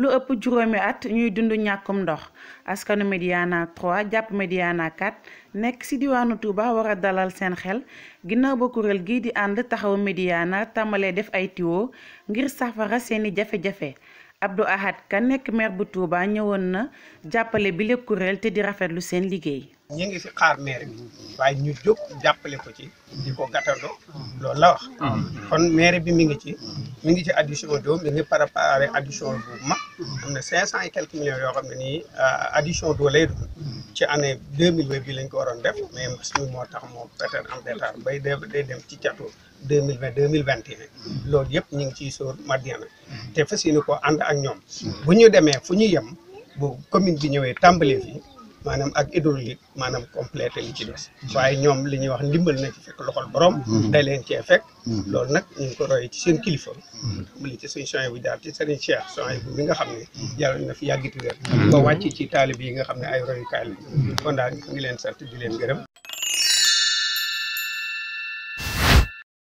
lu ëpp juróomi at ñuy dund ñàkkum ndox askanu mediana 3 jàpp mediana 4 nekk ci diwaanu Touba war a dalal seen xel ginnaaw ba kuréel gii di ànd taxaw mediana tàmbalee def ay tiwo ngir safara seeni jafe-jafe Abdou Ahad Ka nekk maire bu Touba ñëwoon na jàppale bi lépp kuréel te di rafetlu seen liggéey. ñi ngi ci xaar maire bi waaye ñu jóg jàppale ko ci di ko gàttandu loolu la wax mm. kon maire bi mi ngi ci. mi ngi ci addition d'eau mi ngi préparé addition bu mag am na cinq cent et quelques millions yoo xam ne nii euh, addition d'eau lay doon ci année deux mille vingt bi lañ ko waroon def mais mbas mi moo tax moom peut-être en retard bay ci catu deux mille vingt deux mille vingt et un loolu yëpp ñu ngi ciy sóor Madiana te fas yéene ko ànd ak ñoom bu ñu demee fu ñu yem bu commune bi ñëwee tàmbalee fii maanaam ak hydraulique maanaam complété li ci des waaye ñoom li ñuy wax ndimbal na ci fekk loxol borom mm-hmm. day leen cee fekk mm-hmm. lool nag ñu ngi ko royee ci seen kilifa tàmbali mm-hmm. ci suñu soñ bu jaar ci sëriñ Cheikh soñ bu mi nga xam ne yàlla na fi yàggiti wér ba wàcc ci taalib yi nga xam ne ay royukaay lañ kon daal ñu ngi leen sarti di leen gërëm